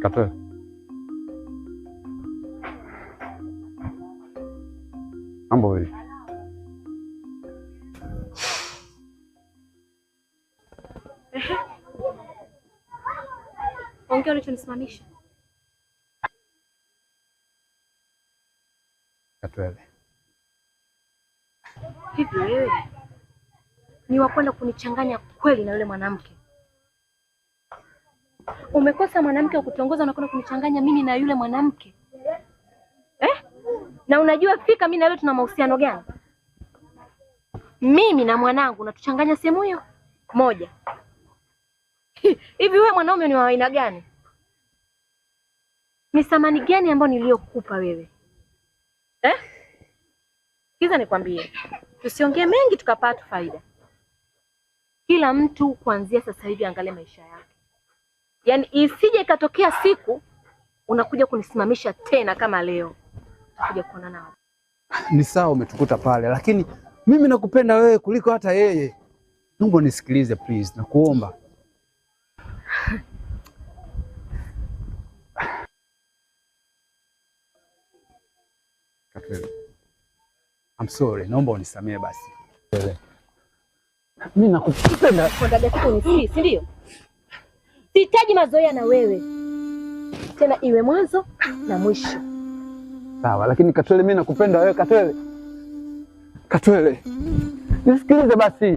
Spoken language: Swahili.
Katı. Ama böyle. Ongea ulichonisimamisha. Katwele. Vipi wewe? Ni wakwenda kunichanganya kweli na yule mwanamke? Umekosa mwanamke wa kutongoza, unakwenda kunichanganya mimi na yule mwanamke eh? Na unajua fika mimi na yule tuna mahusiano gani? Mimi na mwanangu natuchanganya sehemu hiyo moja. Hivi wewe mwanaume ni wa aina gani? Ni samani gani ambayo niliyokupa wewe eh? Kiza nikwambie, tusiongee mengi tukapata faida. Kila mtu kuanzia sasa hivi angalie maisha yake yaani isije ikatokea siku unakuja kunisimamisha tena kama leo kuja kuona nao. Ni sawa, umetukuta pale, lakini mimi nakupenda wewe kuliko hata yeye. Mungu nisikilize please, nakuomba I'm sorry, naomba unisamee basi. Mimi nakupenda. Kwa dada yako, ni si ndio? Sihitaji mazoea na wewe tena, iwe mwanzo na mwisho. Sawa, lakini Katwele, mimi nakupenda wewe Katwele. Katwele, nisikilize basi.